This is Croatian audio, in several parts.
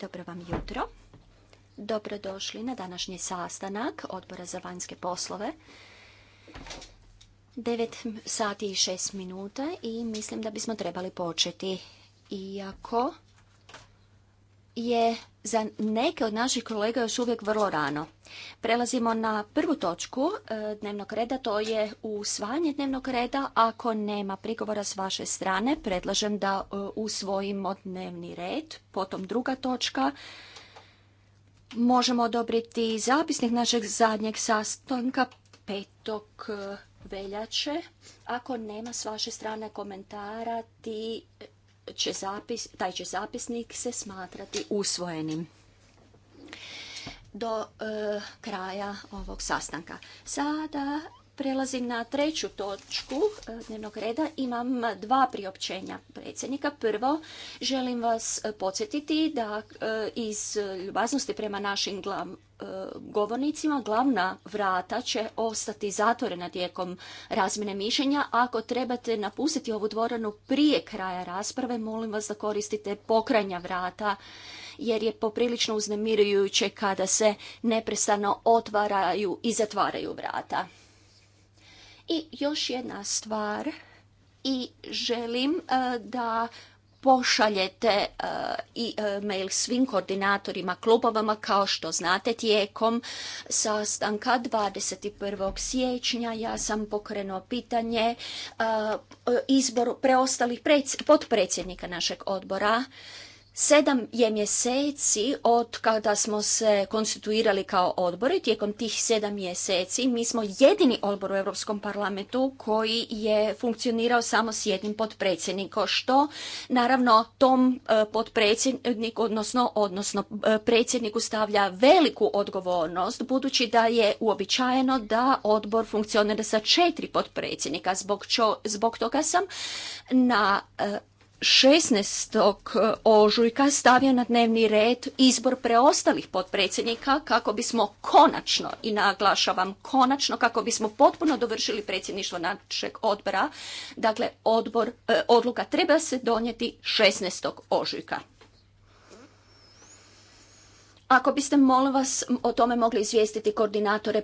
Dobro vam jutro. Dobrodošli na današnji sastanak Odbora za vanjske poslove. 9 sati i 6 minuta i mislim da bismo trebali početi. Iako je za neke od naših kolega još uvijek vrlo rano. Prelazimo na prvu točku e, dnevnog reda, to je usvajanje dnevnog reda. Ako nema prigovora s vaše strane, predlažem da e, usvojimo dnevni red. Potom druga točka, možemo odobriti zapisnik našeg zadnjeg sastanka petog e, veljače. Ako nema s vaše strane komentara, ti zapis, taj će zapisnik se smatrati usvojenim do eh, kraja ovog sastanka. Sada Prelazim na treću točku e, dnevnog reda. Imam dva priopćenja predsjednika. Prvo, želim vas e, podsjetiti da e, iz ljubaznosti prema našim glav, govornicima glavna vrata će ostati zatvorena tijekom razmjene mišljenja. Ako trebate napustiti ovu dvoranu prije kraja rasprave, molim vas da koristite pokrajnja vrata jer je poprilično uznemirujuće kada se neprestano otvaraju i zatvaraju vrata. I još jedna stvar i želim e, da pošaljete e, i e, mail svim koordinatorima klubovama kao što znate tijekom sastanka 21. siječnja ja sam pokrenuo pitanje izboru preostalih potpredsjednika našeg odbora Sedam je mjeseci od kada smo se konstituirali kao odbor i tijekom tih sedam mjeseci mi smo jedini odbor u Europskom parlamentu koji je funkcionirao samo s jednim potpredsjednikom, što naravno tom e, potpredsjedniku, odnosno, odnosno e, predsjedniku stavlja veliku odgovornost, budući da je uobičajeno da odbor funkcionira sa četiri potpredsjednika. Zbog, zbog toga sam na e, 16. E, ožujka stavio na dnevni red izbor preostalih potpredsjednika kako bismo konačno, i naglašavam konačno, kako bismo potpuno dovršili predsjedništvo našeg odbora. Dakle, odbor, e, odluka treba se donijeti 16. ožujka. Ako biste, molim vas, o tome mogli izvijestiti koordinatore e,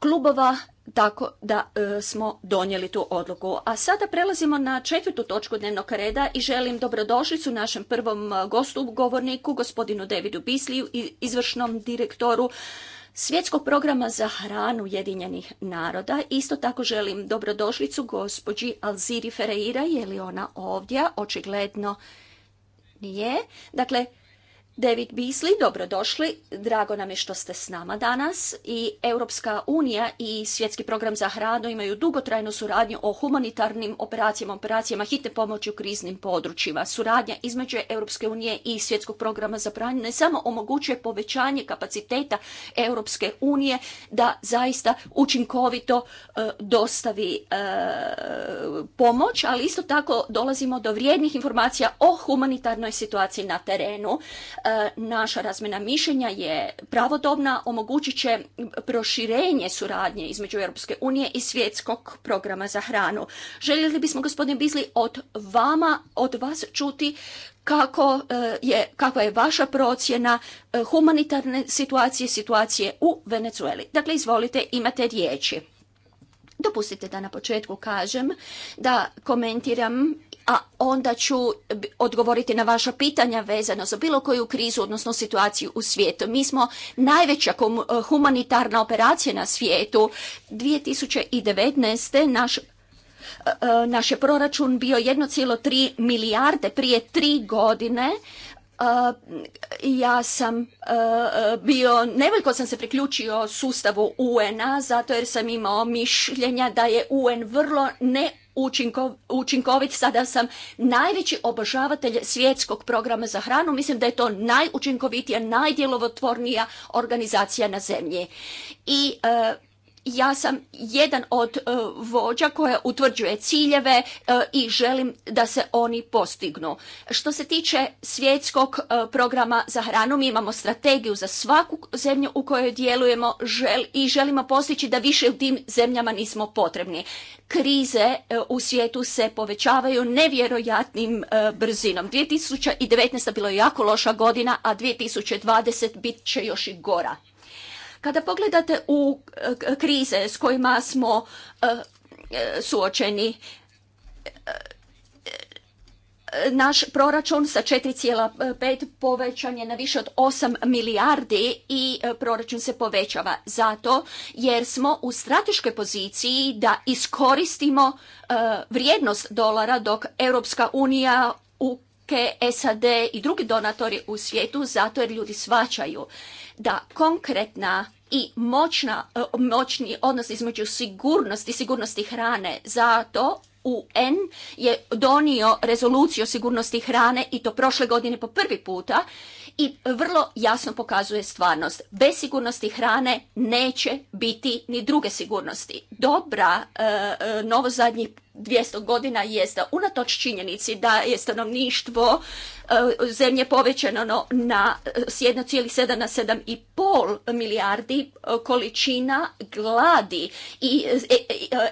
klubova tako da e, smo donijeli tu odluku. A sada prelazimo na četvrtu točku dnevnog reda i želim dobrodošlicu našem prvom e, gostu govorniku, gospodinu Davidu Bisliju izvršnom direktoru Svjetskog programa za hranu Jedinjenih naroda. Isto tako želim dobrodošlicu gospođi Alziri Ferreira, je li ona ovdje? Očigledno nije. Dakle, David Beasley, dobrodošli. Drago nam je što ste s nama danas. I Europska unija i Svjetski program za hranu imaju dugotrajnu suradnju o humanitarnim operacijama, operacijama hitne pomoći u kriznim područjima. Suradnja između Europske unije i Svjetskog programa za hranu ne samo omogućuje povećanje kapaciteta Europske unije da zaista učinkovito e, dostavi e, pomoć, ali isto tako dolazimo do vrijednih informacija o humanitarnoj situaciji na terenu E, naša razmjena mišljenja je pravodobna, omogućit će proširenje suradnje između Europske unije i svjetskog programa za hranu. Željeli bismo, gospodine Bizli, od vama, od vas čuti kako e, je, kakva je vaša procjena e, humanitarne situacije, situacije u Venezueli. Dakle, izvolite, imate riječi. Dopustite da na početku kažem da komentiram a onda ću odgovoriti na vaša pitanja vezano za bilo koju krizu, odnosno situaciju u svijetu. Mi smo najveća eh, humanitarna operacija na svijetu. 2019. naš eh, eh, naš je proračun bio 1,3 milijarde prije tri godine. Ja sam bio, nevoljko sam se priključio sustavu UN-a zato jer sam imao mišljenja da je UN vrlo ne učinkovit. Sada sam najveći obožavatelj svjetskog programa za hranu. Mislim da je to najučinkovitija, najdjelovotvornija organizacija na zemlji. I e, ja sam jedan od e, vođa koja utvrđuje ciljeve e, i želim da se oni postignu. Što se tiče svjetskog e, programa za hranu, mi imamo strategiju za svaku zemlju u kojoj djelujemo i želimo postići da više u tim zemljama nismo potrebni. Krize u svijetu se povećavaju nevjerojatnim brzinom. 2019. bilo je jako loša godina, a 2020. bit će još i gora. Kada pogledate u e, krize s kojima smo e, e, suočeni, naš proračun sa 4,5 povećan je na više od 8 milijardi i proračun se povećava zato jer smo u strateškoj poziciji da iskoristimo vrijednost dolara dok Europska unija u SAD i drugi donatori u svijetu zato jer ljudi svačaju da konkretna i moćna, moćni odnos između sigurnosti, i sigurnosti hrane zato UN je donio rezoluciju o sigurnosti hrane i to prošle godine po prvi puta i vrlo jasno pokazuje stvarnost. Bez sigurnosti hrane neće biti ni druge sigurnosti. Dobra e, e novo zadnjih 200 godina je da unatoč činjenici da je stanovništvo e, zemlje povećano na s 1,7 na 7,5 milijardi e, količina gladi i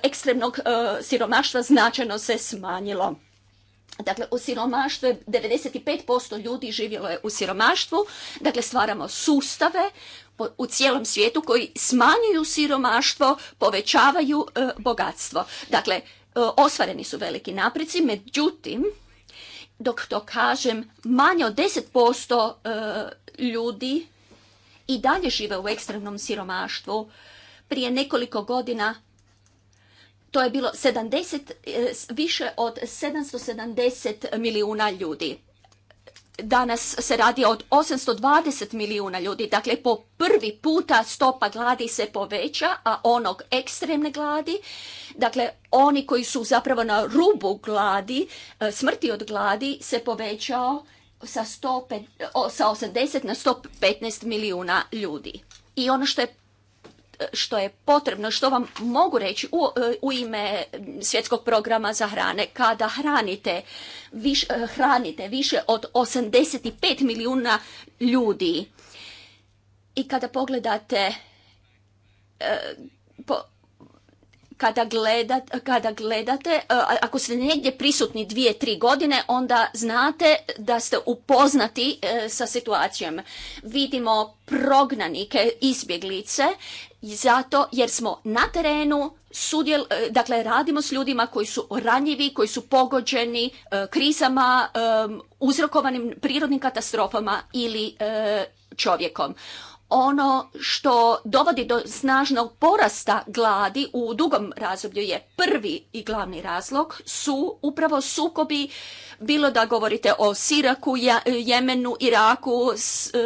ekstremnog siromaštva značajno se smanjilo. Dakle, u siromaštvu je 95% ljudi živjelo je u siromaštvu. Dakle, stvaramo sustave u cijelom svijetu koji smanjuju siromaštvo, povećavaju e, bogatstvo. Dakle, e, ostvareni osvareni su veliki napreci, međutim, dok to kažem, manje od 10% e, ljudi i dalje žive u ekstremnom siromaštvu. Prije nekoliko godina to je bilo 70, e, više od 770 milijuna ljudi. Danas se radi od 820 milijuna ljudi. Dakle, po prvi puta stopa gladi se poveća, a onog ekstremne gladi, dakle, oni koji su zapravo na rubu gladi, e, smrti od gladi, se povećao sa, 105, sa 80 na 115 milijuna ljudi. I ono što je što je potrebno, što vam mogu reći e, u, ime svjetskog programa za hrane. Kada hranite, viš, e, hranite više od 85 milijuna ljudi i kada pogledate e, kada, kada gledate, ako ste negdje prisutni dvije, tri godine, onda znate da ste upoznati sa situacijom. Vidimo prognanike, izbjeglice zato jer smo na terenu, sudjel, e, dakle radimo s ljudima koji su ranjivi, koji su pogođeni e, krizama, e, uzrokovanim prirodnim katastrofama ili čovjekom ono što dovodi do snažnog porasta gladi u dugom razdoblju je prvi i glavni razlog su upravo sukobi, bilo da govorite o Siraku, Jemenu, Iraku, e,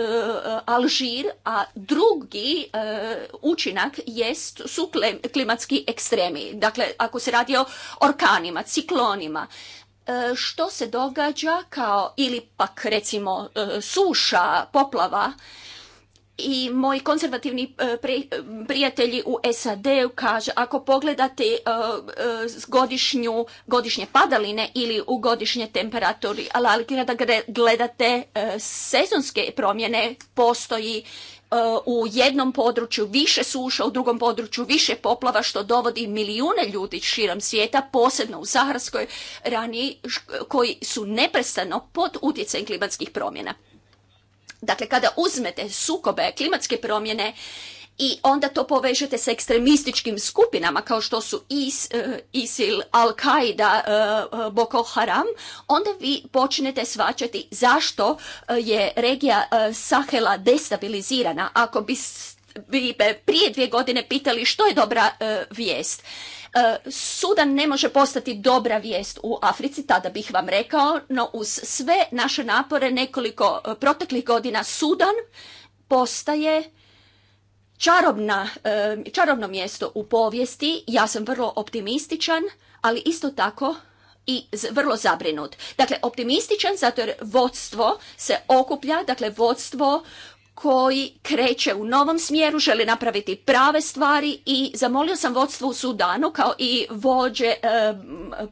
Alžir, a drugi e, učinak jest, su klimatski ekstremi. Dakle, ako se radi o orkanima, ciklonima, e, što se događa kao ili pak recimo suša, poplava, i moji konzervativni e, prijatelji u SAD-u kaže ako pogledate e, e, godišnju, godišnje padaline ili u godišnje temperaturi, ali da gledate sezonske promjene postoji u jednom području više suša, u drugom području više poplava što dovodi milijune ljudi širom svijeta, posebno u Saharskoj rani koji su neprestano pod utjecajem klimatskih promjena. Dakle, kada uzmete sukobe, klimatske promjene i onda to povežete sa ekstremističkim skupinama kao što su IS, e, ISIL, Al-Qaida, e, e, Boko Haram, onda vi počnete svačati zašto je regija Sahela destabilizirana. Ako bi vi prije dvije godine pitali što je dobra vijest. E, Sudan ne može postati dobra vijest u Africi, tada bih vam rekao, no uz sve naše napore nekoliko e, proteklih godina Sudan postaje čarobna, e, čarobno mjesto u povijesti. Ja sam vrlo optimističan, ali isto tako i vrlo zabrinut. Dakle, optimističan zato jer vodstvo se okuplja, dakle vodstvo koji kreće u novom smjeru, želi napraviti prave stvari i zamolio sam vodstvo u Sudanu kao i vođe eh,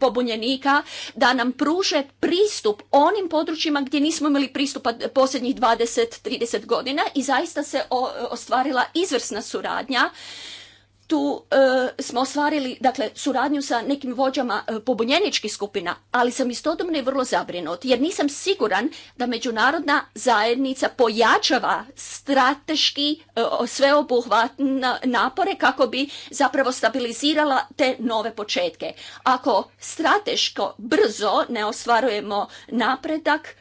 pobunjenika da nam pruže pristup onim područjima gdje nismo imali pristupa posljednjih 20-30 godina i zaista se ostvarila izvrsna suradnja tu e, smo ostvarili dakle, suradnju sa nekim vođama e, pobunjeničkih skupina, ali sam istodobno i vrlo zabrinut, jer nisam siguran da međunarodna zajednica pojačava strateški e, sveobuhvatne napore kako bi zapravo stabilizirala te nove početke. Ako strateško brzo ne ostvarujemo napredak,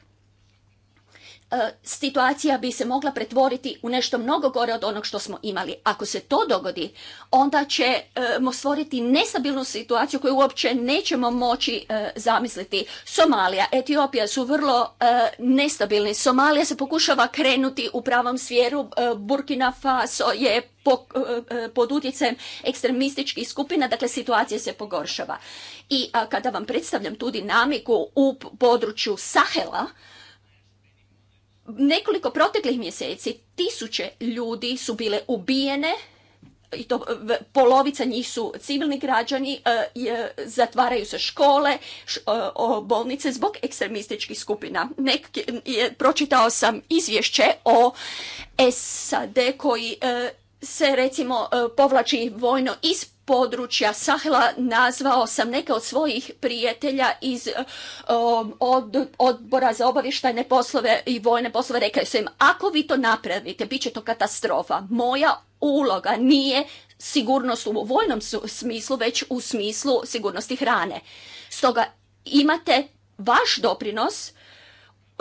E, situacija bi se mogla pretvoriti u nešto mnogo gore od onog što smo imali. Ako se to dogodi, onda ćemo stvoriti nestabilnu situaciju koju uopće nećemo moći e, zamisliti. Somalija, Etiopija su vrlo e, nestabilni. Somalija se pokušava krenuti u pravom smjeru. Burkina Faso je pod utjecajem ekstremističkih skupina, dakle situacija se pogoršava. I kada vam predstavljam tu dinamiku u području Sahela, nekoliko proteklih mjeseci tisuće ljudi su bile ubijene i to polovica njih su civilni građani, e, zatvaraju se škole, e, bolnice zbog ekstremističkih skupina. Nek, pročitao sam izvješće o SAD koji e, se recimo e, povlači vojno iz područja Sahela nazvao sam neke od svojih prijatelja iz e, od, odbora za obavještajne poslove i vojne poslove rekao sam im ako vi to napravite bit će to katastrofa moja uloga nije sigurnost u vojnom smislu već u smislu sigurnosti hrane stoga imate vaš doprinos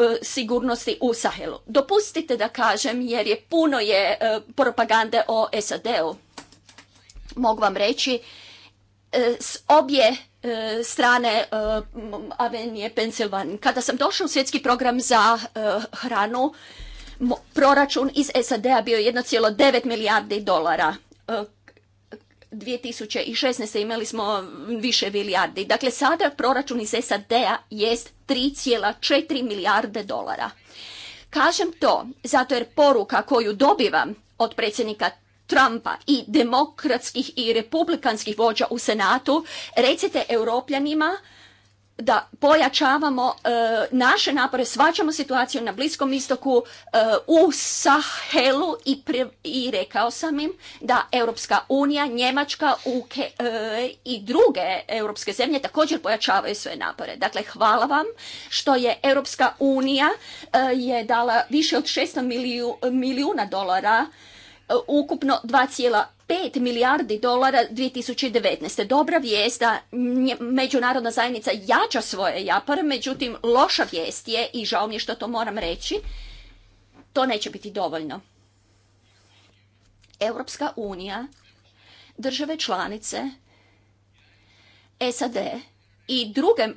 E, sigurnosti u Sahelu. Dopustite da kažem jer je puno je e, propagande o SAD-u. Mogu vam reći e, s obje strane Avenije Pensilvan. Kada sam došla u svjetski program za hranu, proračun iz SAD-a bio je 1,9 milijardi dolara 2016. imali smo više milijardi. Dakle, sada proračun iz SAD-a jest 3,4 milijarde dolara. Kažem to zato jer poruka koju dobivam od predsjednika Trumpa i demokratskih i republikanskih vođa u Senatu, recite europljanima da pojačavamo e, naše napore, svačamo situaciju na Bliskom istoku, e, u Sahelu i, i rekao sam im da Europska unija, Njemačka uk e, i druge europske zemlje također pojačavaju svoje napore. Dakle, hvala vam što je Europska unija je dala više od 600 milijuna dolara E, ukupno 2,5 milijardi dolara 2019. Dobra vijest da međunarodna zajednica jača svoje japar, međutim loša vijest je, i žao mi je što to moram reći, to neće biti dovoljno. Europska unija, države članice, SAD i druge e,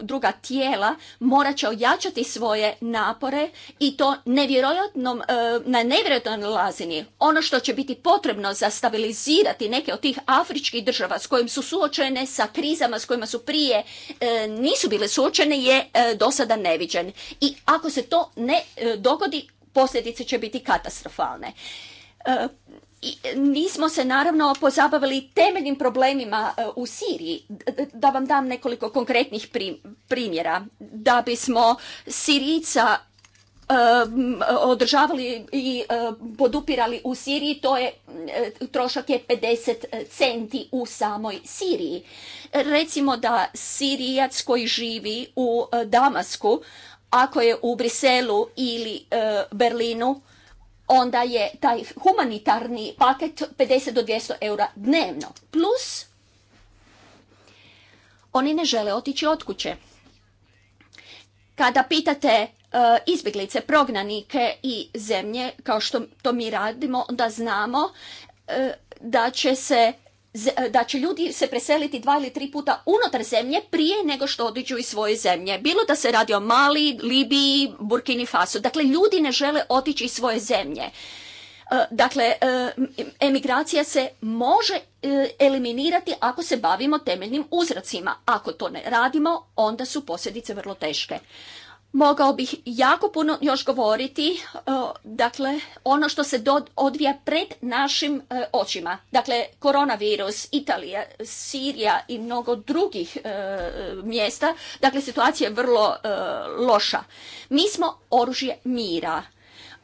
druga tijela morat će ojačati svoje napore i to nevjerojatnom, e, na nevjerojatnoj lazini. Ono što će biti potrebno za stabilizirati neke od tih afričkih država s kojim su suočene sa krizama s kojima su prije e, nisu bile suočene je e, do sada neviđen. I ako se to ne dogodi, posljedice će biti katastrofalne. E, nismo se naravno pozabavili temeljnim problemima e, u Siriji. Da vam dam nekoliko konkretnih primjera. Da bismo Sirica e, održavali i podupirali u Siriji, to je trošak je 50 centi u samoj Siriji. Recimo da Sirijac koji živi u Damasku, ako je u Briselu ili Berlinu, onda je taj humanitarni paket 50 do 200 eura dnevno. Plus, oni ne žele otići od kuće. Kada pitate e, izbjeglice, prognanike i zemlje, kao što to mi radimo, da znamo e, da će se E, da će ljudi se preseliti dva ili tri puta unutar zemlje prije nego što odiđu iz svoje zemlje. Bilo da se radi o Mali, Libiji, Burkini Faso. Dakle, ljudi ne žele otići iz svoje zemlje. E, dakle, e, emigracija se može eliminirati ako se bavimo temeljnim uzracima. Ako to ne radimo, onda su posljedice vrlo teške. Mogao bih jako puno još govoriti, e, dakle, ono što se odvija pred našim e, očima. Dakle, koronavirus, Italija, Sirija i mnogo drugih e, mjesta, dakle, situacija je vrlo loša. Mi smo oružje mira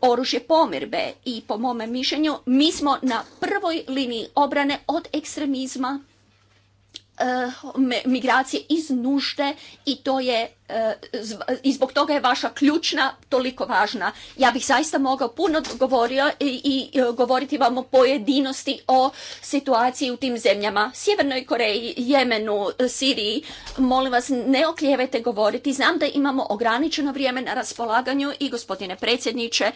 oružje pomirbe i po mome mišljenju mi smo na prvoj liniji obrane od ekstremizma Eh, migracije iz nužde i to je eh, i zbog toga je vaša ključna toliko važna. Ja bih zaista mogao puno govorio i, eh, govoriti vam o pojedinosti o situaciji u tim zemljama. Sjevernoj Koreji, Jemenu, Siriji, molim vas ne oklijevajte govoriti. Znam da imamo ograničeno vrijeme na raspolaganju i gospodine predsjedniče,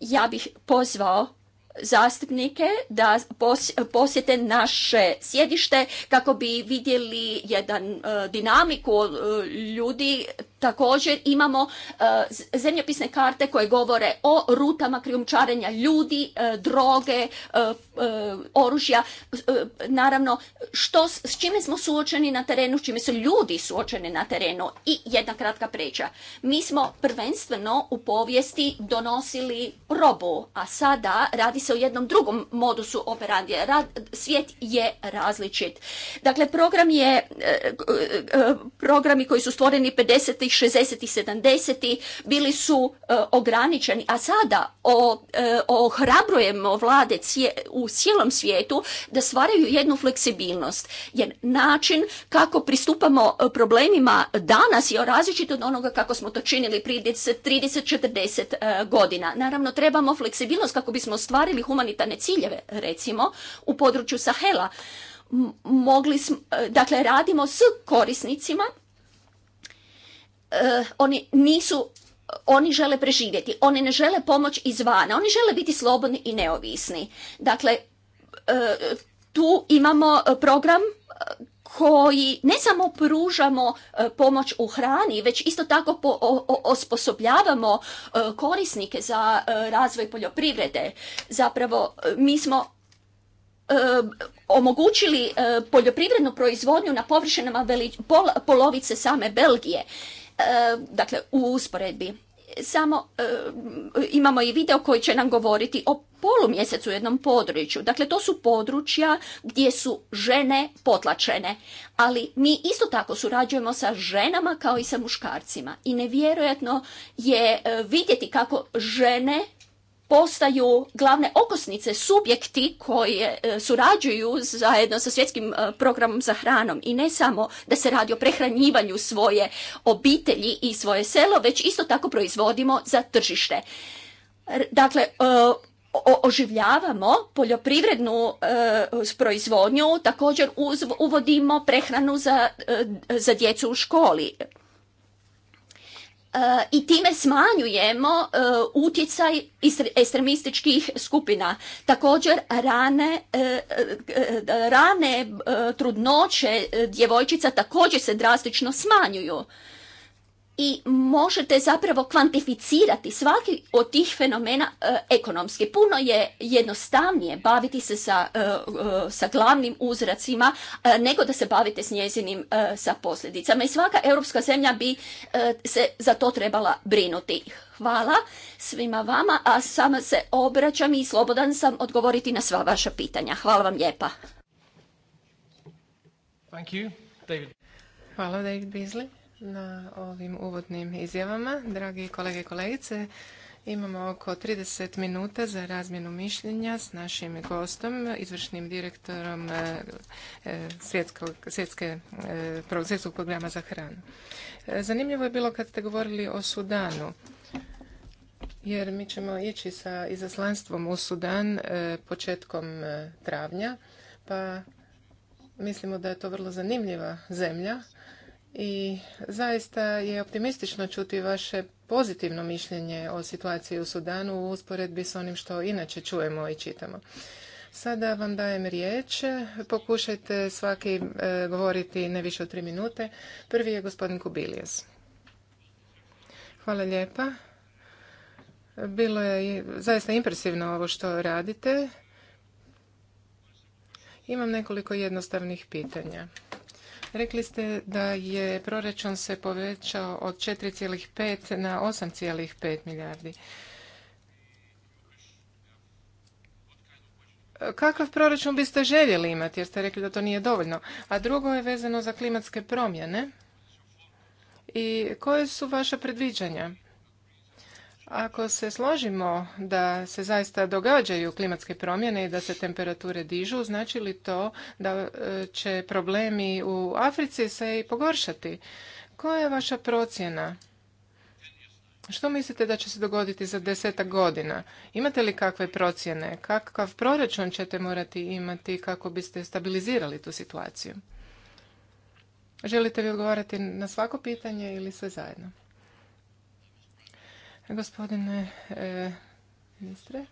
ja bih pozvao zastupnike da posjete naše sjedište kako bi vidjeli jedan e, dinamiku e, ljudi Također imamo e, zemljopisne karte koje govore o rutama krijumčarenja ljudi, e, droge, e, oružja, naravno s čime smo suočeni na terenu, s čime su ljudi suočeni na terenu i jedna kratka priča. Mi smo prvenstveno u povijesti donosili probu, a sada radi se o jednom drugom modusu operandije. svijet je različit. Dakle, program je, programi koji su stvoreni 50 ih 60 70 bili su e, ograničeni, a sada o, e, ohrabrujemo vlade u cijelom svijetu da stvaraju jednu fleksibilnost. Jer način kako pristupamo e, problemima danas je različit od onoga kako smo to činili prije 30-40 godina. Naravno, trebamo fleksibilnost kako bismo ostvarili humanitarne ciljeve, recimo, u području Sahela. Mogli smo, dakle, radimo s korisnicima uh, oni nisu oni žele preživjeti, oni ne žele pomoć izvana, oni žele biti slobodni i neovisni. Dakle, e, tu imamo program e, koji ne samo pružamo pomoć u hrani, već isto tako osposobljavamo korisnike za razvoj poljoprivrede. Zapravo, mi smo omogućili poljoprivrednu proizvodnju na površinama polovice same Belgije. E, dakle u usporedbi samo e, imamo i video koji će nam govoriti o polumjesecu u jednom području. Dakle, to su područja gdje su žene potlačene. Ali mi isto tako surađujemo sa ženama kao i sa muškarcima. I nevjerojatno je e, vidjeti kako žene postaju glavne okosnice subjekti koji e, surađuju zajedno sa svjetskim e, programom za hranom i ne samo da se radi o prehranjivanju svoje obitelji i svoje selo, već isto tako proizvodimo za tržište. Dakle, e, oživljavamo poljoprivrednu proizvodnju, također uz, uvodimo prehranu za, za djecu u školi i time smanjujemo e, utjecaj ekstremističkih skupina. Također rane, e, e, rane trudnoće djevojčica također se drastično smanjuju i možete zapravo kvantificirati svaki od tih fenomena e, ekonomski. Puno je jednostavnije baviti se sa, e, e, sa glavnim uzracima e, nego da se bavite s njezinim sa posljedicama. I svaka europska zemlja bi se za to trebala brinuti. Hvala svima vama, a sama se obraćam i slobodan sam odgovoriti na sva vaša pitanja. Hvala vam lijepa. Thank you, David. Hvala, David Beasley na ovim uvodnim izjavama. Dragi kolege i kolegice, imamo oko 30 minuta za razmjenu mišljenja s našim gostom, izvršnim direktorom e, e, svjetske, e, svjetskog programa za hranu. Zanimljivo je bilo kad ste govorili o Sudanu. Jer mi ćemo ići sa izaslanstvom u Sudan početkom travnja, pa mislimo da je to vrlo zanimljiva zemlja i zaista je optimistično čuti vaše pozitivno mišljenje o situaciji u Sudanu u usporedbi s onim što inače čujemo i čitamo. Sada vam dajem riječ. Pokušajte svaki e, govoriti ne više od tri minute. Prvi je gospodin Kubilijas. Hvala lijepa. Bilo je zaista impresivno ovo što radite. Imam nekoliko jednostavnih pitanja. Rekli ste da je proračun se povećao od 4,5 na 8,5 milijardi. Kakav proračun biste željeli imati jer ste rekli da to nije dovoljno? A drugo je vezano za klimatske promjene. I koje su vaša predviđanja? Ako se složimo da se zaista događaju klimatske promjene i da se temperature dižu, znači li to da e, će problemi u Africi se i pogoršati? Koja je vaša procjena? Što mislite da će se dogoditi za desetak godina? Imate li kakve procjene? Kakav proračun ćete morati imati kako biste stabilizirali tu situaciju? Želite li odgovarati na svako pitanje ili sve zajedno? Gospodine e, ministre,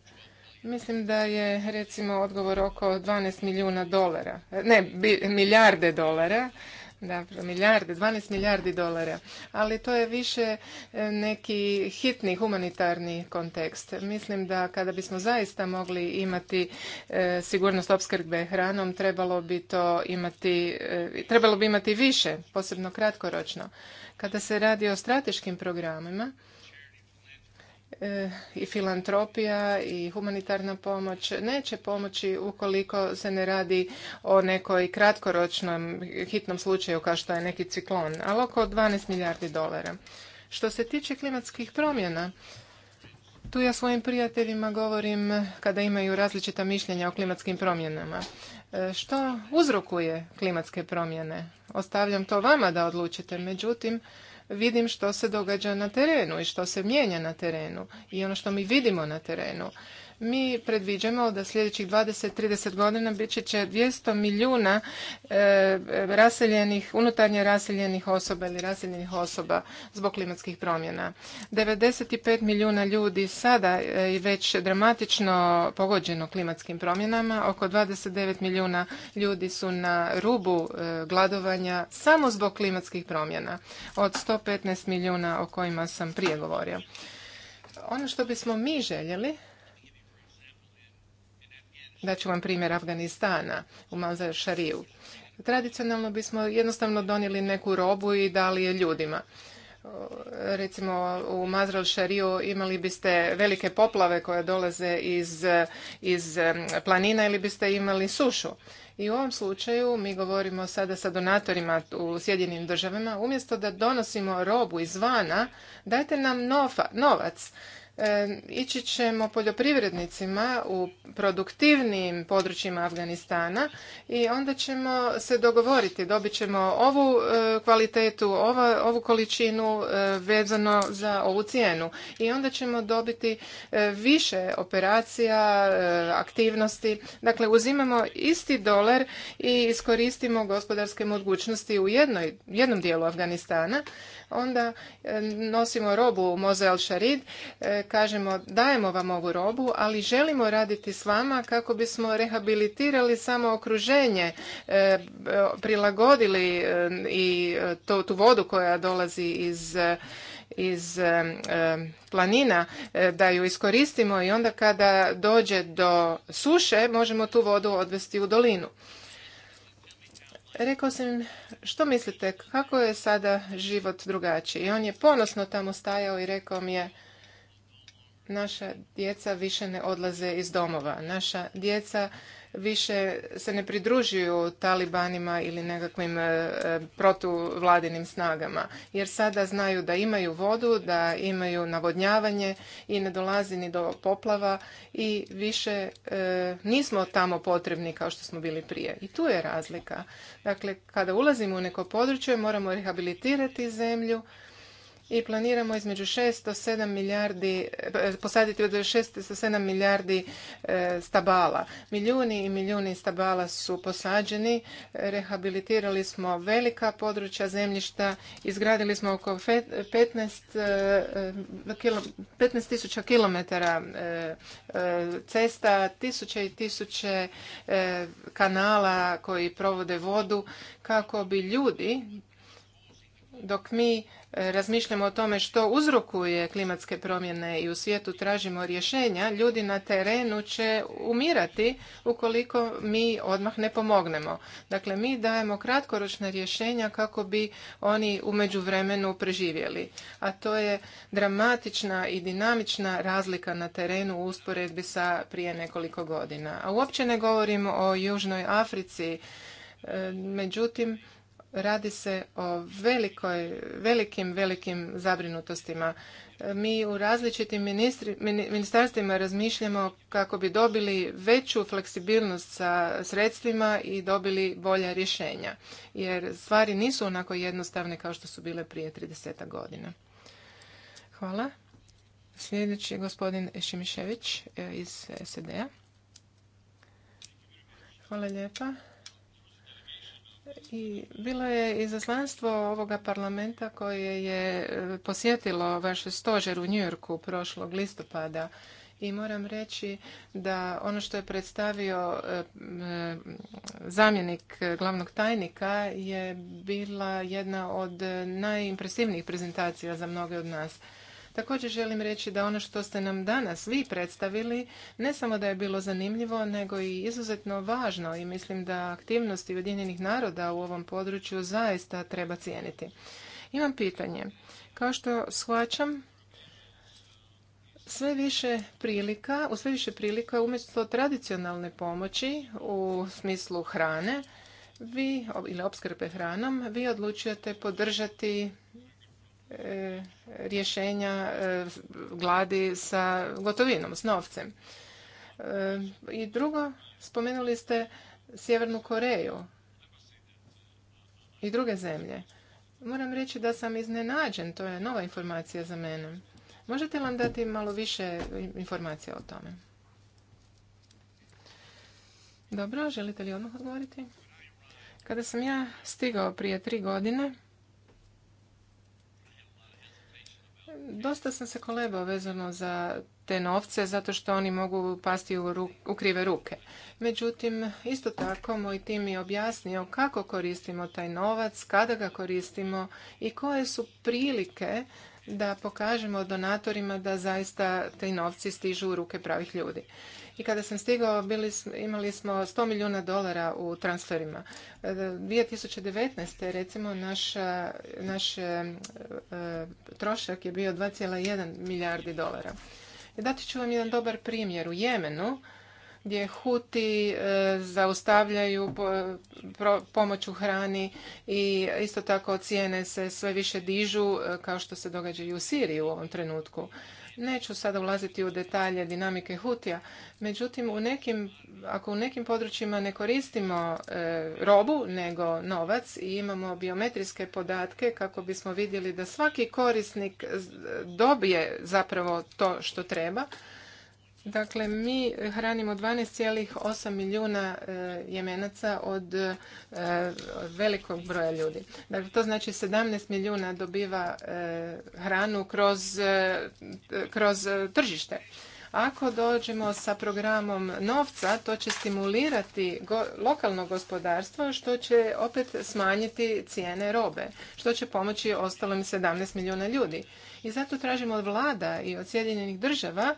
mislim da je recimo odgovor oko 12 milijuna dolara, e, ne, milijarde dolara, da, milijarde, 12 milijardi dolara, ali to je više e, neki hitni humanitarni kontekst. Mislim da kada bismo zaista mogli imati sigurnost opskrbe hranom, trebalo bi to imati, trebalo bi imati više, posebno kratkoročno. Kada se radi o strateškim programima, i filantropija i humanitarna pomoć neće pomoći ukoliko se ne radi o nekoj kratkoročnom hitnom slučaju kao što je neki ciklon, ali oko 12 milijardi dolara. Što se tiče klimatskih promjena, tu ja svojim prijateljima govorim kada imaju različita mišljenja o klimatskim promjenama. E, što uzrokuje klimatske promjene? Ostavljam to vama da odlučite. Međutim, vidim što se događa na terenu i što se mijenja na terenu i ono što mi vidimo na terenu. Mi predviđamo da sljedećih 20-30 godina bit će 200 milijuna e, raseljenih, unutarnje raseljenih osoba ili raseljenih osoba zbog klimatskih promjena. 95 milijuna ljudi sada e, je već dramatično pogođeno klimatskim promjenama. Oko 29 milijuna ljudi su na rubu e, gladovanja samo zbog klimatskih promjena. Od 115 milijuna o kojima sam prije govorio. Ono što bismo mi željeli Daću vam primjer Afganistana u Mazar Šariju. Tradicionalno bismo jednostavno donijeli neku robu i dali je ljudima recimo u Mazral Šariju imali biste velike poplave koje dolaze iz, iz planina ili biste imali sušu. I u ovom slučaju mi govorimo sada sa donatorima u Sjedinim državama, umjesto da donosimo robu izvana, dajte nam novac ići ćemo poljoprivrednicima u produktivnim područjima Afganistana i onda ćemo se dogovoriti, dobit ćemo ovu e, kvalitetu, ovu količinu e, vezano za ovu cijenu i onda ćemo dobiti e, više operacija, aktivnosti. Dakle, uzimamo isti dolar i iskoristimo gospodarske mogućnosti u jednom dijelu Afganistana onda e, nosimo robu u Moze al kažemo dajemo vam ovu robu, ali želimo raditi s vama kako bismo rehabilitirali samo okruženje, e, prilagodili e, i to, tu vodu koja dolazi iz iz planina da ju iskoristimo i onda kada dođe do suše možemo tu vodu odvesti u dolinu. Rekao sam što mislite, kako je sada život drugačiji? I on je ponosno tamo stajao i rekao mi je, naša djeca više ne odlaze iz domova. Naša djeca više se ne pridružuju talibanima ili nekakvim e, protuvladinim snagama, jer sada znaju da imaju vodu, da imaju navodnjavanje i ne dolazi ni do poplava i više e, nismo tamo potrebni kao što smo bili prije. I tu je razlika. Dakle, kada ulazimo u neko područje moramo rehabilitirati zemlju, i planiramo između 607 milijardi, eh, posaditi od 607 milijardi eh, stabala. Milijuni i milijuni stabala su posađeni, rehabilitirali smo velika područja zemljišta, izgradili smo oko 15 eh, tisuća kilometara cesta, tisuće i tisuće kanala koji provode vodu kako bi ljudi dok mi razmišljamo o tome što uzrokuje klimatske promjene i u svijetu tražimo rješenja, ljudi na terenu će umirati ukoliko mi odmah ne pomognemo. Dakle, mi dajemo kratkoročna rješenja kako bi oni u međuvremenu preživjeli. A to je dramatična i dinamična razlika na terenu u usporedbi sa prije nekoliko godina. A uopće ne govorimo o Južnoj Africi, e, međutim radi se o velikoj, velikim, velikim zabrinutostima. Mi u različitim ministarstvima razmišljamo kako bi dobili veću fleksibilnost sa sredstvima i dobili bolja rješenja, jer stvari nisu onako jednostavne kao što su bile prije 30 godina. Hvala. Sljedeći je gospodin Šimišević eh, iz SED-a. Hvala lijepa. I bilo je izaslanstvo ovoga parlamenta koje je e, posjetilo vaš stožer u Njujorku prošlog listopada i moram reći da ono što je predstavio e, e, zamjenik glavnog tajnika je bila jedna od najimpresivnijih prezentacija za mnoge od nas. Također želim reći da ono što ste nam danas vi predstavili ne samo da je bilo zanimljivo, nego i izuzetno važno i mislim da aktivnosti Ujedinjenih naroda u ovom području zaista treba cijeniti. Imam pitanje. Kao što shvaćam, sve više prilika, u sve više prilika umjesto tradicionalne pomoći u smislu hrane, vi ili opskrbe hranom, vi odlučujete podržati E, rješenja e, gladi sa gotovinom, s novcem. E, I drugo, spomenuli ste Sjevernu Koreju i druge zemlje. Moram reći da sam iznenađen, to je nova informacija za mene. Možete li vam dati malo više informacija o tome? Dobro, želite li odmah odgovoriti? Kada sam ja stigao prije tri godine, dosta sam se kolebao vezano za te novce zato što oni mogu pasti u, u krive ruke. Međutim, isto tako moj tim je objasnio kako koristimo taj novac, kada ga koristimo i koje su prilike da pokažemo donatorima da zaista te novci stižu u ruke pravih ljudi. I kada sam stigao, bili, imali smo 100 milijuna dolara u transferima. 2019. E, recimo naš, naš e, trošak je bio 2,1 milijardi dolara. I dati ću vam jedan dobar primjer. U Jemenu gdje Huti e, zaustavljaju pomoć u hrani i isto tako cijene se sve više dižu e, kao što se događa i u Siriji u ovom trenutku. Neću sada ulaziti u detalje dinamike Hutija, međutim u nekim, ako u nekim područjima ne koristimo e, robu nego novac i imamo biometrijske podatke kako bismo vidjeli da svaki korisnik dobije zapravo to što treba, Dakle, mi hranimo 12,8 milijuna e, jemenaca od e, velikog broja ljudi. Dakle, to znači 17 milijuna dobiva e, hranu kroz, kroz tržište. Ako dođemo sa programom novca, to će stimulirati lokalno gospodarstvo, što će opet smanjiti cijene robe, što će pomoći ostalim 17 milijuna ljudi. I zato tražimo od vlada i od Sjedinjenih država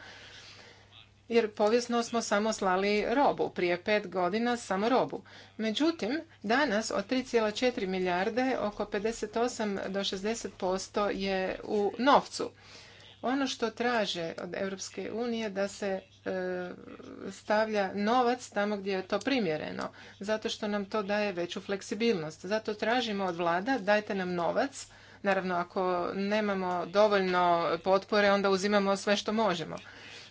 jer povijesno smo samo slali robu, prije pet godina samo robu. Međutim, danas od 3,4 milijarde oko 58 do 60% je u novcu. Ono što traže od Europske unije da se e, stavlja novac tamo gdje je to primjereno, zato što nam to daje veću fleksibilnost. Zato tražimo od vlada dajte nam novac, naravno ako nemamo dovoljno potpore onda uzimamo sve što možemo.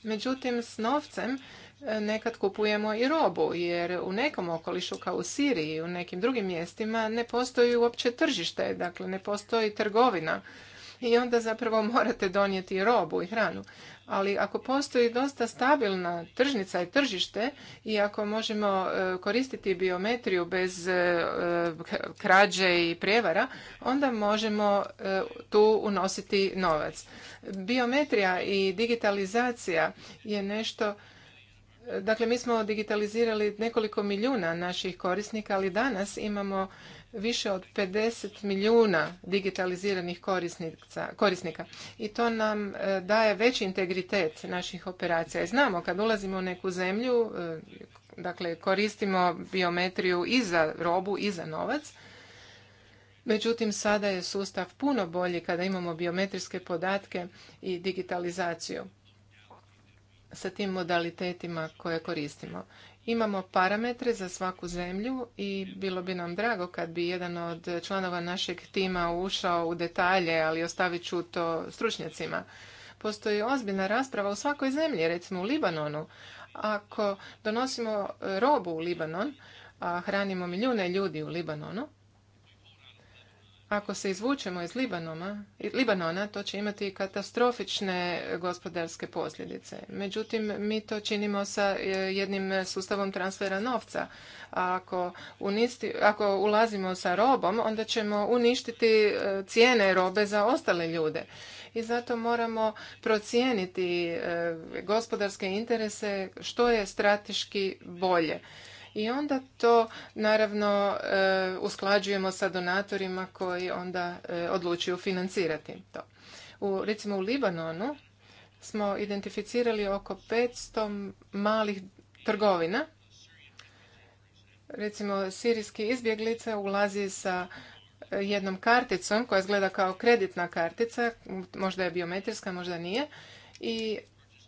Međutim, s novcem e, nekad kupujemo i robu, jer u nekom okolišu kao u Siriji i u nekim drugim mjestima ne postoji uopće tržište, dakle ne postoji trgovina i onda zapravo morate donijeti robu i hranu ali ako postoji dosta stabilna tržnica i tržište i ako možemo e, koristiti biometriju bez e, krađe i prijevara, onda možemo e, tu unositi novac. Biometrija i digitalizacija je nešto Dakle, mi smo digitalizirali nekoliko milijuna naših korisnika, ali danas imamo više od 50 milijuna digitaliziranih korisnika i to nam e, daje veći integritet naših operacija. znamo kad ulazimo u neku zemlju, e, dakle koristimo biometriju i za robu i za novac, Međutim, sada je sustav puno bolji kada imamo biometrijske podatke i digitalizaciju sa tim modalitetima koje koristimo. Imamo parametre za svaku zemlju i bilo bi nam drago kad bi jedan od članova našeg tima ušao u detalje, ali ostavit ću to stručnjacima. Postoji ozbiljna rasprava u svakoj zemlji, recimo u Libanonu. Ako donosimo robu u Libanon, a hranimo milijune ljudi u Libanonu, ako se izvučemo iz Libanoma, Libanona, to će imati katastrofične gospodarske posljedice. Međutim, mi to činimo sa e, jednim sustavom transfera novca. A ako, ako ulazimo sa robom, onda ćemo uništiti e, cijene robe za ostale ljude. I zato moramo procijeniti e, gospodarske interese što je strateški bolje i onda to naravno e, usklađujemo sa donatorima koji onda e, odlučuju financirati to. U, recimo u Libanonu smo identificirali oko 500 malih trgovina. Recimo, sirijski izbjeglice ulazi sa e, jednom karticom koja izgleda kao kreditna kartica, možda je biometrijska, možda nije, i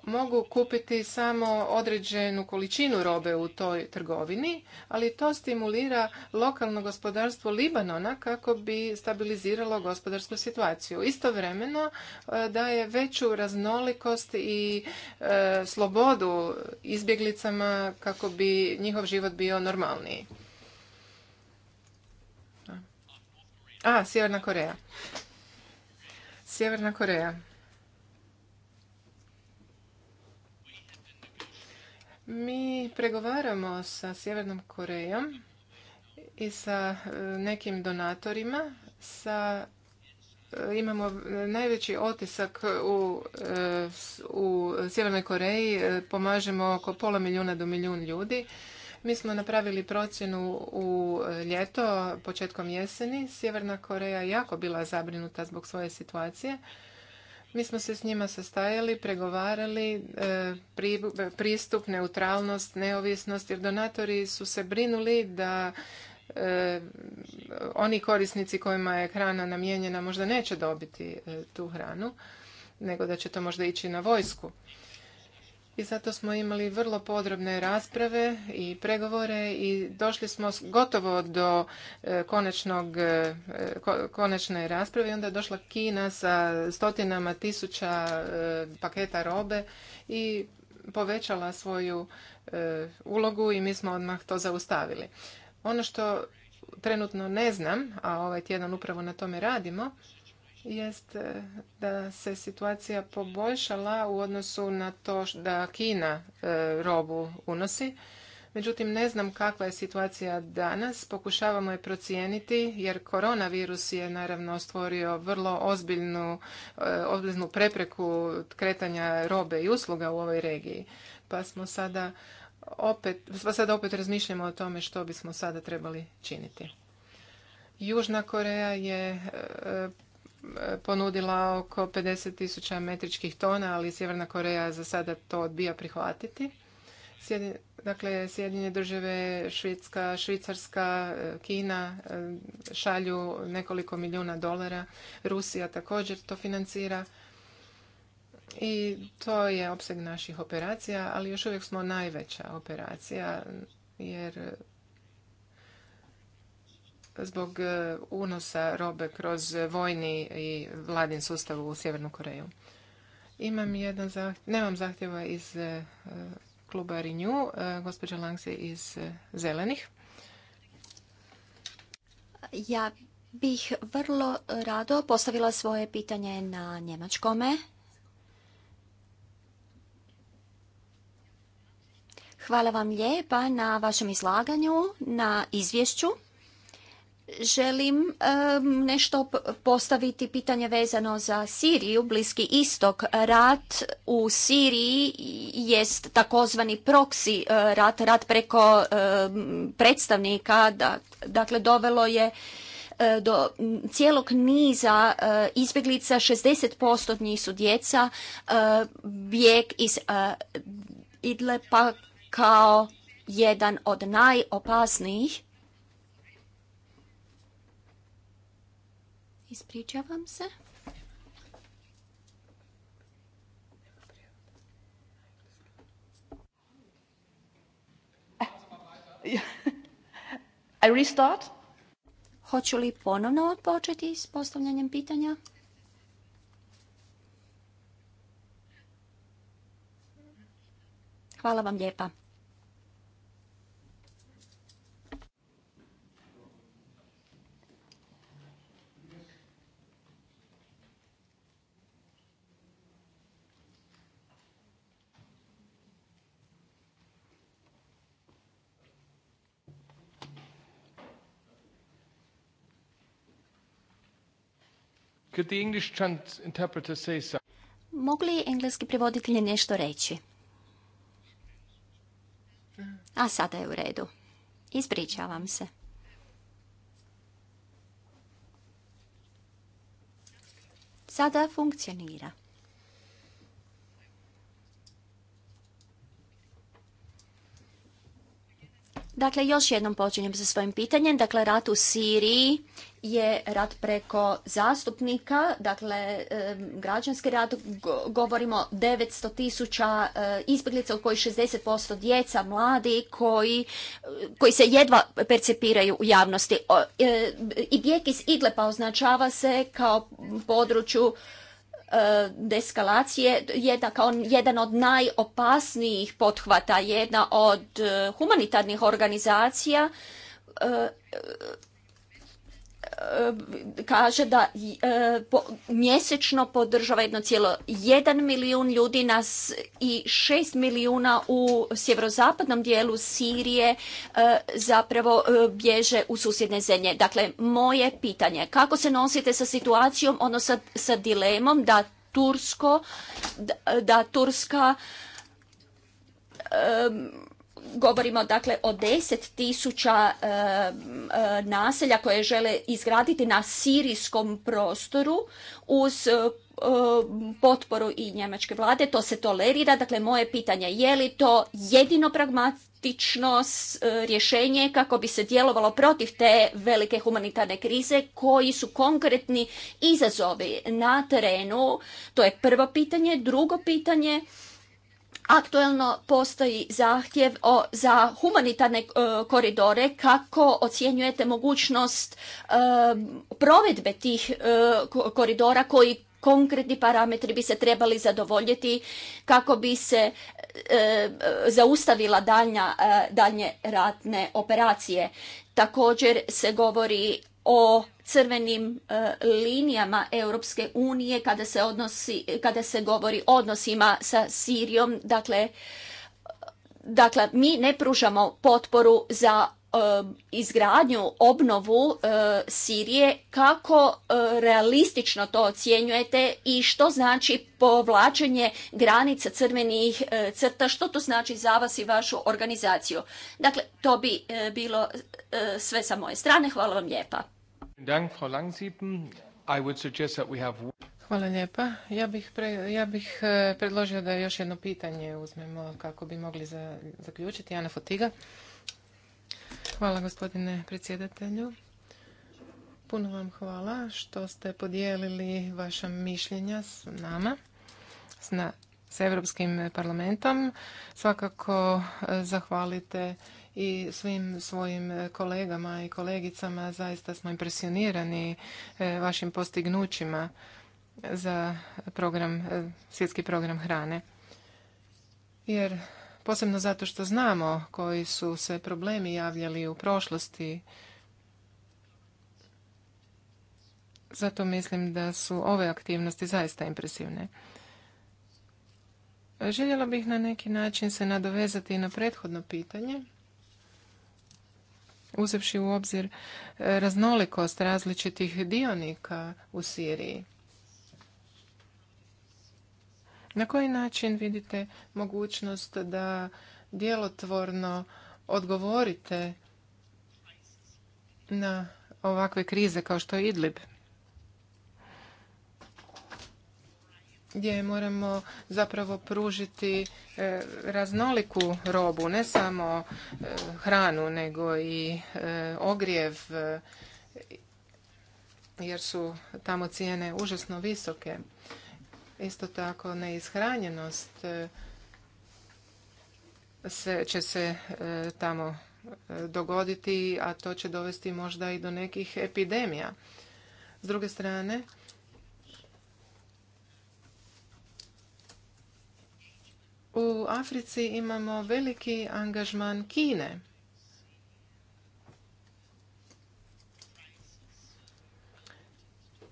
mogu kupiti samo određenu količinu robe u toj trgovini, ali to stimulira lokalno gospodarstvo Libanona kako bi stabiliziralo gospodarsku situaciju. Istovremeno e, daje veću raznolikost i e, slobodu izbjeglicama kako bi njihov život bio normalniji. A, Sjeverna Koreja. Sjeverna Koreja. Mi pregovaramo sa Sjevernom Korejom i sa e, nekim donatorima, sa e, imamo najveći otisak u, e, u Sjevernoj Koreji, pomažemo oko pola milijuna do milijun ljudi. Mi smo napravili procjenu u ljeto, početkom jeseni. Sjeverna Koreja je jako bila zabrinuta zbog svoje situacije mi smo se s njima sastajali, pregovarali, e, pristup, neutralnost, neovisnost, jer donatori su se brinuli da e, oni korisnici kojima je hrana namijenjena možda neće dobiti e, tu hranu, nego da će to možda ići na vojsku i zato smo imali vrlo podrobne rasprave i pregovore i došli smo gotovo do e, konačnog, e, konačne rasprave i onda je došla Kina sa stotinama tisuća e, paketa robe i povećala svoju ulogu i mi smo odmah to zaustavili. Ono što trenutno ne znam, a ovaj tjedan upravo na tome radimo, jest e, da se situacija poboljšala u odnosu na to da Kina e, robu unosi. Međutim, ne znam kakva je situacija danas. Pokušavamo je procijeniti jer koronavirus je naravno stvorio vrlo ozbiljnu, e, ozbiljnu prepreku kretanja robe i usluga u ovoj regiji. Pa smo sada opet, pa sada opet razmišljamo o tome što bismo sada trebali činiti. Južna Koreja je ponudila oko 50 tisuća metričkih tona, ali Sjeverna Koreja za sada to odbija prihvatiti. Dakle, Sjedinje države, Švedska, Švicarska, Kina e, šalju nekoliko milijuna dolara. Rusija također to financira. I to je opseg naših operacija, ali još uvijek smo najveća operacija jer zbog e, unosa robe kroz vojni i vladin sustav u Sjevernu Koreju. Imam jedan zahtjev, nemam zahtjeva iz e, kluba RINJU, e, gospođa Langse iz Zelenih. Ja bih vrlo rado postavila svoje pitanje na njemačkome. Hvala vam lijepa na vašem izlaganju, na izvješću želim nešto postaviti pitanje vezano za Siriju, Bliski istok. Rat u Siriji jest takozvani proksi e, rat, rat preko predstavnika, dakle dovelo je e, do cijelog niza e, izbjeglica, 60% od njih su djeca, bijeg iz Idlepa kao jedan od najopasnijih Ispričavam se. I restart? Hoću li ponovno odpočeti s postavljanjem pitanja? Hvala vam lijepa. Could the English interpreter say Mogu li engleski prevoditelji nešto reći? A sada je u redu. Ispričavam se. Sada funkcionira. Dakle, još jednom počinjem sa svojim pitanjem. Dakle, rat u Siriji je rat preko zastupnika, dakle, građanski rat, govorimo 900 tisuća e, izbjeglica, od kojih 60% djeca, mladi, koji, e, koji se jedva percepiraju u javnosti. E, I bijek iz Idlepa označava se kao području E, deskalacije, on jedan od najopasnijih pothvata, jedna od e, humanitarnih organizacija e, kaže da e, mjesečno podržava 1,1 milijun ljudi nas i šest milijuna u sjeverozapadnom dijelu Sirije e, zapravo e, bježe u susjedne zemlje. Dakle, moje pitanje, kako se nosite sa situacijom, ono sa, dilemom da Tursko, da, Turska govorimo dakle o deset tisuća e, e, naselja koje žele izgraditi na sirijskom prostoru uz e, potporu i njemačke vlade. To se tolerira. Dakle, moje pitanje je li to jedino pragmatično rješenje kako bi se djelovalo protiv te velike humanitarne krize? Koji su konkretni izazovi na terenu? To je prvo pitanje. Drugo pitanje, Aktualno postoji zahtjev o, za humanitarne e, koridore kako ocjenjujete mogućnost e, provedbe tih e, koridora koji konkretni parametri bi se trebali zadovoljiti kako bi se zaustavila daljnja, daljnje ratne operacije također se govori o crvenim e, linijama Europske unije kada se, odnosi, kada se govori o odnosima sa Sirijom. Dakle, dakle, mi ne pružamo potporu za e, izgradnju, obnovu e, Sirije. Kako realistično to ocjenjujete i što znači povlačenje granica crvenih crta? Što to znači za vas i vašu organizaciju? Dakle, to bi bilo sve sa moje strane. Hvala vam lijepa. Hvala lijepa. Ja bih, e, predložio da još jedno pitanje uzmemo kako bi mogli za, zaključiti. Ana Fotiga. Hvala gospodine predsjedatelju. Puno vam hvala što ste podijelili vaša mišljenja s nama, s, na, s Europskim parlamentom. Svakako e, zahvalite i svim svojim kolegama i kolegicama. Zaista smo impresionirani e, vašim postignućima za program, e, svjetski program hrane. Jer posebno zato što znamo koji su se problemi javljali u prošlosti, zato mislim da su ove aktivnosti zaista impresivne. Željela bih na neki način se nadovezati na prethodno pitanje uzevši u obzir e, raznolikost različitih dionika u Siriji. Na koji način vidite mogućnost da djelotvorno odgovorite na ovakve krize kao što je Idlib? gdje moramo zapravo pružiti e, raznoliku robu, ne samo e, hranu, nego i e, ogrijev, jer su tamo cijene užasno visoke. Isto tako neishranjenost će se tamo dogoditi, a to će dovesti možda i do nekih epidemija. S druge strane, u Africi imamo veliki angažman Kine.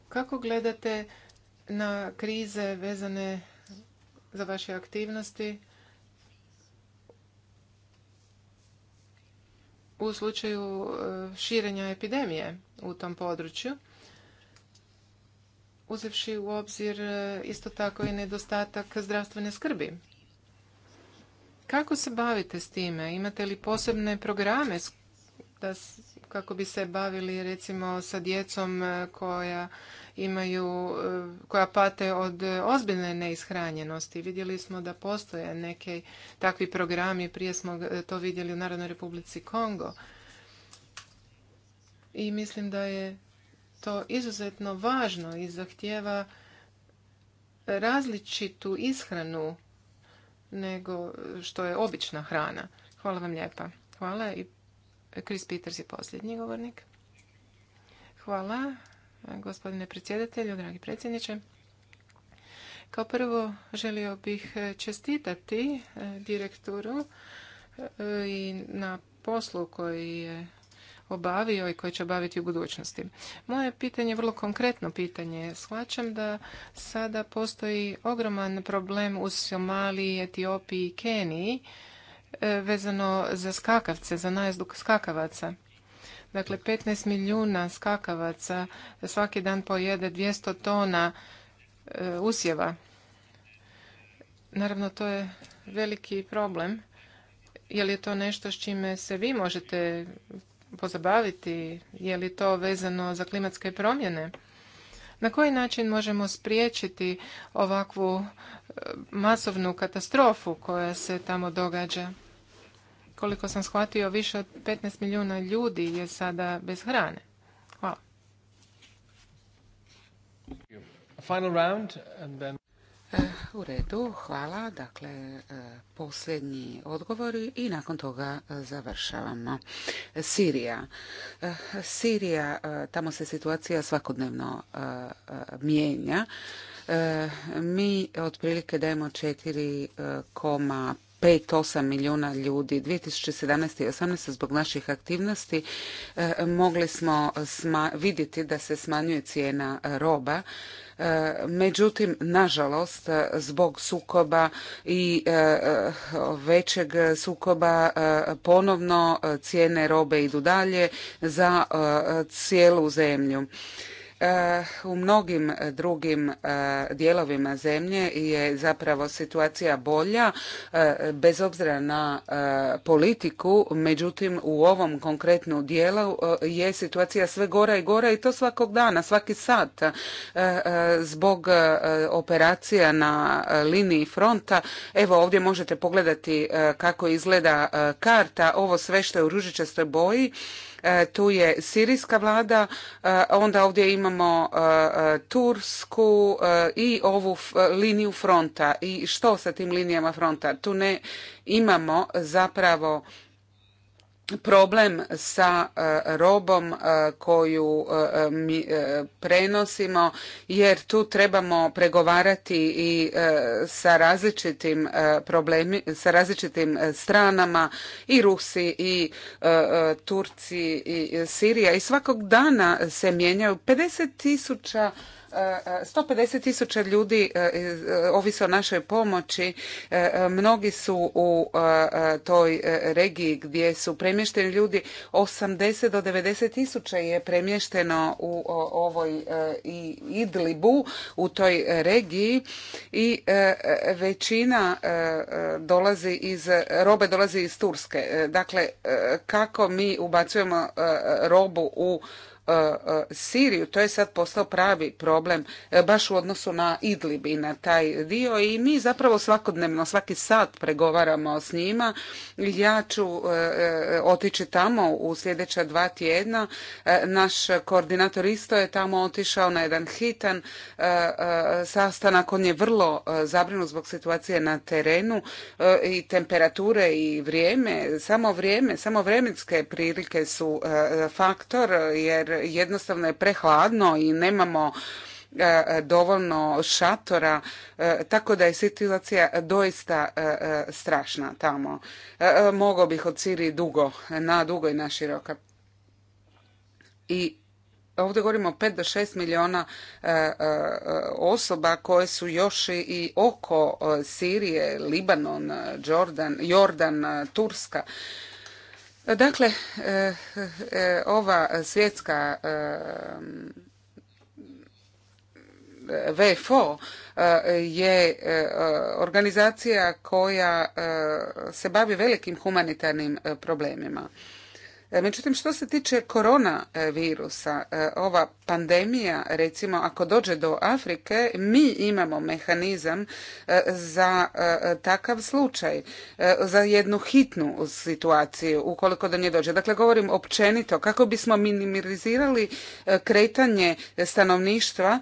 Kako gledate na krize vezane za vaše aktivnosti u slučaju e, širenja epidemije u tom području? uzevši u obzir e, isto tako i nedostatak zdravstvene skrbi. Kako se bavite s time? Imate li posebne programe da, kako bi se bavili recimo sa djecom e, koja imaju, e, koja pate od e, ozbiljne neishranjenosti. Vidjeli smo da postoje neki takvi programi, prije smo to vidjeli u Narodnoj Republici Kongo. I mislim da je to izuzetno važno i zahtjeva različitu ishranu nego što je obična hrana. Hvala vam lijepa. Hvala i Chris Peters je posljednji govornik. Hvala, gospodine predsjedatelju, dragi predsjedniče. Kao prvo želio bih čestitati eh, direktoru eh, i na poslu koji je obavio i koje će obaviti u budućnosti. Moje pitanje je vrlo konkretno pitanje. Shvaćam da sada postoji ogroman problem u Somaliji, Etiopiji i Keniji e, vezano za skakavce, za najezdu skakavaca. Dakle, 15 milijuna skakavaca svaki dan pojede 200 tona e, usjeva. Naravno, to je veliki problem. Je li to nešto s čime se vi možete pozabaviti? Je li to vezano za klimatske promjene? Na koji način možemo spriječiti ovakvu e, masovnu katastrofu koja se tamo događa? Koliko sam shvatio, više od 15 milijuna ljudi je sada bez hrane. Hvala. Final round and u redu, hvala. Dakle, e, posljednji odgovori i nakon toga e, završavamo. Sirija. E, Sirija, tamo se situacija svakodnevno mijenja. Mi otprilike dajemo 4,5 5-8 milijuna ljudi. 2017. i 2018. zbog naših aktivnosti e, mogli smo vidjeti da se smanjuje cijena roba. E, međutim, nažalost, zbog sukoba i e, većeg sukoba ponovno cijene robe idu dalje za cijelu zemlju. Eh, u mnogim eh, drugim eh, dijelovima zemlje je zapravo situacija bolja bez obzira na politiku, međutim u ovom konkretnom dijelu je situacija sve gora i gora i to svakog dana, svaki sat. Zbog operacija na liniji fronta, evo ovdje možete pogledati kako izgleda karta, ovo sve što je u ružičastoj boji E, tu je sirijska vlada, e, onda ovdje imamo e, tursku i ovu liniju fronta i što sa tim linijama fronta? Tu ne imamo zapravo problem sa e, robom e, koju e, mi prenosimo jer tu trebamo pregovarati i sa različitim problemi, sa različitim stranama i Rusi i Turci i Sirija i svakog dana se mijenjaju 50 tisuća 150 tisuća ljudi e, e, ovisi o našoj pomoći. E, mnogi su u toj regiji gdje su premješteni ljudi. 80 do 90 tisuća je premješteno u ovoj Idlibu, u toj regiji i većina dolazi iz, robe dolazi iz Turske. Dakle, kako mi ubacujemo robu u E, e, Siriju, to je sad postao pravi problem e, baš u odnosu na Idlib i na taj dio i mi zapravo svakodnevno, svaki sat pregovaramo s njima. Ja ću otići tamo u sljedeća dva tjedna. Naš koordinator isto je tamo otišao na jedan hitan sastanak. On je vrlo zabrinut zbog situacije na terenu i temperature i vrijeme. Samo vrijeme, samo vremenske prilike su faktor jer jednostavno je prehladno i nemamo e, dovoljno šatora, e, tako da je situacija doista e, strašna tamo. Mogao bih od Siriji dugo, na dugo i na široka. I ovdje govorimo o 5 do 6 milijuna osoba koje su još i oko Sirije, Libanon, Jordan, Turska. Dakle, e, e, ova svjetska e, VFO je organizacija koja se bavi velikim humanitarnim problemima. E, međutim, što se tiče korona virusa, e, ova pandemija, recimo, ako dođe do Afrike, mi imamo mehanizam e, za takav slučaj, za jednu hitnu situaciju, ukoliko do nje dođe. Dakle, govorim općenito, kako bismo minimizirali kretanje stanovništva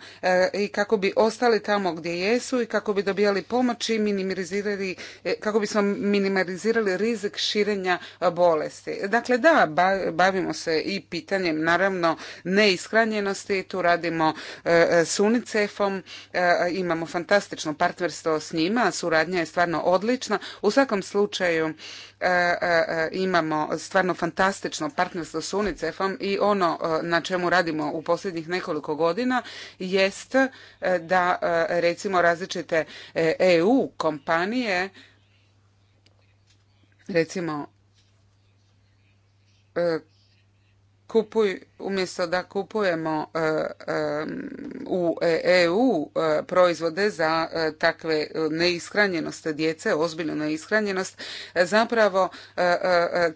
i kako bi ostali tamo gdje jesu i kako bi dobijali pomoć i minimizirali, kako bismo minimalizirali rizik širenja bolesti. Dakle, da, bavimo se i pitanjem naravno neishranjenosti, tu radimo e, e, s UNICEF-om, e, imamo fantastično partnerstvo s njima, suradnja je stvarno odlična. U svakom slučaju imamo stvarno fantastično partnerstvo s UNICEF-om i ono na čemu radimo u posljednjih nekoliko godina jest da recimo različite EU kompanije recimo E, kupuj umjesto da kupujemo e, e, u EU e, proizvode za takve neishranjenost djece, ozbiljnu neishranjenost, zapravo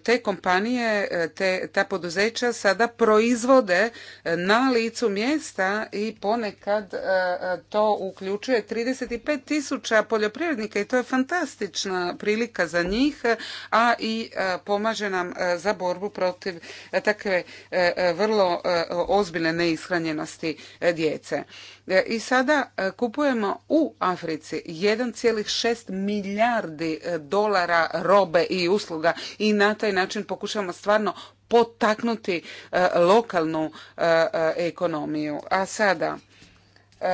te kompanije, te, ta poduzeća sada proizvode na licu mjesta i ponekad to uključuje 35 tisuća poljoprivrednika i to je fantastična prilika za njih, a i pomaže nam za borbu protiv takve vrlo vrlo e, ozbiljne neishranjenosti e, djece. E, I sada kupujemo u Africi 1,6 milijardi dolara robe i usluga i na taj način pokušamo stvarno potaknuti lokalnu ekonomiju. A sada,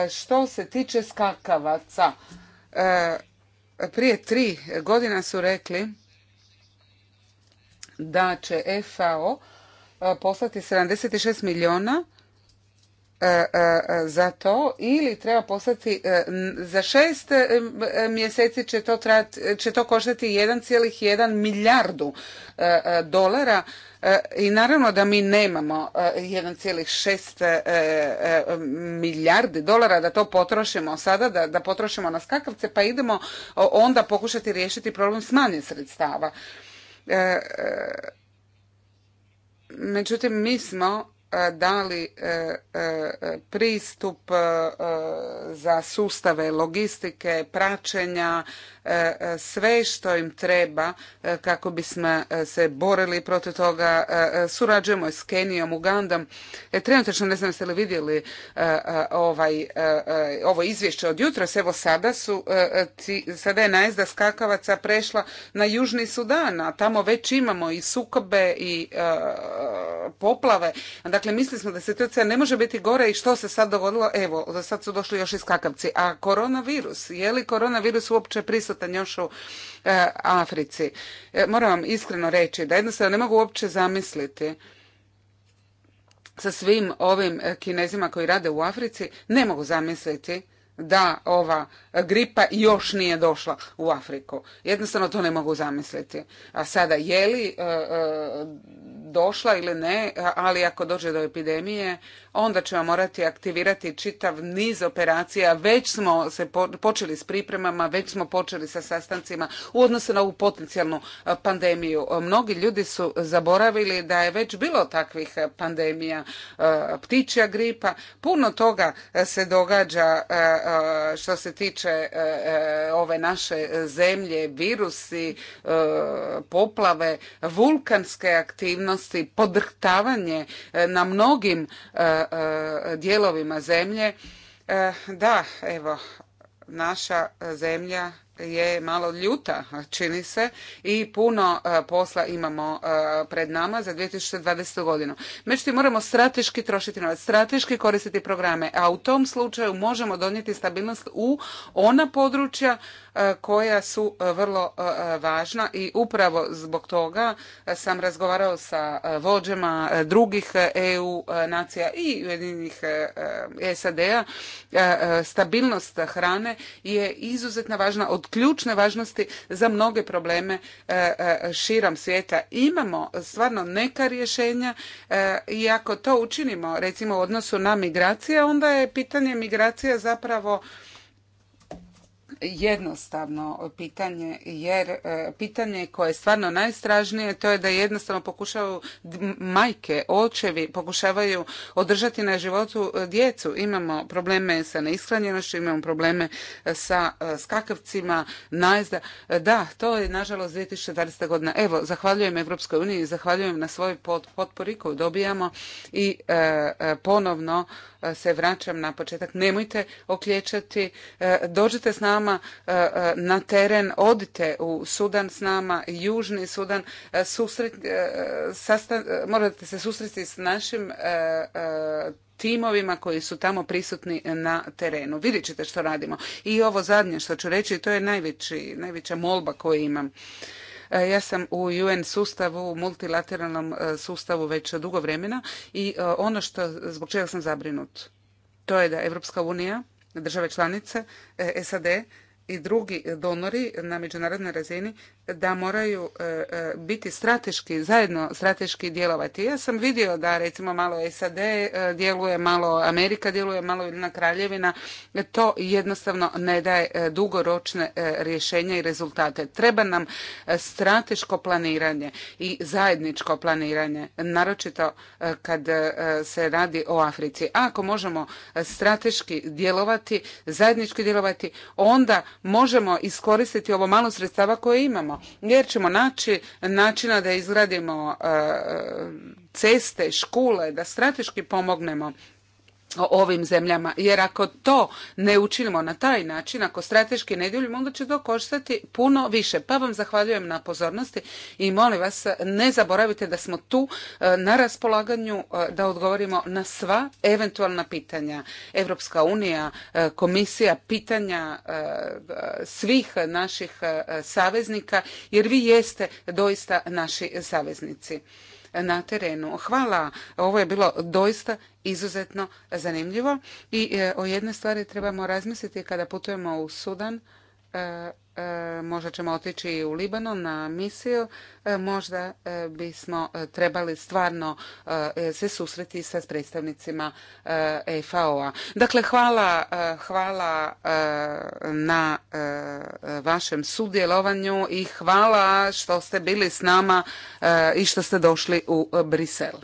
što se tiče skakavaca, prije tri godina su rekli da će FAO E, poslati 76 milijuna e, e, za to ili treba poslati za šest mjeseci će to, trajati, će to koštati 1,1 milijardu dolara i naravno da mi nemamo 1,6 milijardi dolara da to potrošimo sada, da, da potrošimo na skakavce pa idemo onda pokušati riješiti problem s manje sredstava. Međutim, mi smo e, dali e, e, pristup za sustave logistike, praćenja, E, e, sve što im treba e, kako bismo se borili protiv toga. Surađujemo s Kenijom, Ugandom. Trenutno, ne znam jeste li vidjeli ovaj, ovo izvješće od jutros. Evo sada su, sada je najezda skakavaca prešla na Južni Sudan, a tamo već imamo i sukobe i poplave. Dakle, mislili smo da situacija ne može biti gore i što se sad dogodilo? Evo, sad su došli još i skakavci. A koronavirus, je li koronavirus uopće prisutan? prisutan u e, Africi. E, moram vam iskreno reći da jednostavno ne mogu uopće zamisliti sa svim ovim e, kinezima koji rade u Africi, ne mogu zamisliti da ova gripa još nije došla u Afriku. Jednostavno to ne mogu zamisliti. A sada je li e, e, došla ili ne, ali ako dođe do epidemije, onda ćemo morati aktivirati čitav niz operacija. Već smo se počeli s pripremama, već smo počeli sa sastancima u odnosu na ovu potencijalnu e, pandemiju. Mnogi ljudi su zaboravili da je već bilo takvih pandemija, ptičja gripa, puno toga se događa E, što se tiče e, e, ove naše zemlje, virusi, poplave, vulkanske aktivnosti, podrhtavanje na mnogim dijelovima zemlje. Da, evo, naša zemlja je malo ljuta, čini se, i puno e, posla imamo e, pred nama za 2020. godinu. Međutim, moramo strateški trošiti novac, strateški koristiti programe, a u tom slučaju možemo donijeti stabilnost u ona područja E, koja su e, vrlo e, važna i upravo zbog toga sam razgovarao sa vođama drugih EU nacija i Ujedinjenih SAD-a. Stabilnost hrane je izuzetno važna, od ključne važnosti za mnoge probleme širom svijeta. Imamo stvarno neka rješenja i ako to učinimo recimo u odnosu na migracije, onda je pitanje migracija zapravo jednostavno pitanje jer e, pitanje koje je stvarno najstražnije to je da jednostavno pokušavaju majke, očevi pokušavaju održati na životu e, djecu. Imamo probleme sa neishranjenošću, imamo probleme e, sa skakavcima, najzda. Da, to je nažalost 2020. godina. Evo, zahvaljujem Evropskoj uniji, zahvaljujem na svoj potpori koju dobijamo i ponovno E, se vraćam na početak, nemojte okliječati e, dođite s nama e, na teren, odite u Sudan s nama, Južni Sudan, susret, morate se susresti s našim timovima koji su tamo prisutni na terenu. Vidjet ćete što radimo. I ovo zadnje što ću reći, to je najveći, najveća molba koju imam. E, ja sam u UN sustavu, multilateralnom e, sustavu već dugo vremena i e, ono što, zbog čega sam zabrinut, to je da Europska unija, države članice, SAD i drugi donori na međunarodnoj razini da moraju e, e, biti strateški, zajedno strateški djelovati. Ja sam vidio da recimo malo SAD e, djeluje, malo Amerika djeluje, malo jedna kraljevina. To jednostavno ne daje dugoročne rješenja i rezultate. Treba nam strateško planiranje i zajedničko planiranje, naročito kad se radi o Africi. ako možemo strateški djelovati, zajednički djelovati, onda možemo iskoristiti ovo malo sredstava koje imamo jer ćemo naći načina da izgradimo e, e, ceste, škole, da strateški pomognemo ovim zemljama. Jer ako to ne učinimo na taj način, ako strateški ne djelujemo, onda će to koštati puno više. Pa vam zahvaljujem na pozornosti i molim vas ne zaboravite da smo tu e, na raspolaganju e, da odgovorimo na sva eventualna pitanja. Evropska unija, e, komisija, pitanja svih naših saveznika, jer vi jeste doista naši saveznici na terenu. Hvala, ovo je bilo doista izuzetno zanimljivo i e, o jednoj stvari trebamo razmisliti kada putujemo u Sudan e, E, možda ćemo otići u Libanon na misiju, e, možda e, bismo trebali stvarno se susreti sa predstavnicima EFAO-a. Dakle, hvala, hvala na vašem sudjelovanju i hvala što ste bili s nama i što ste došli u Brisel.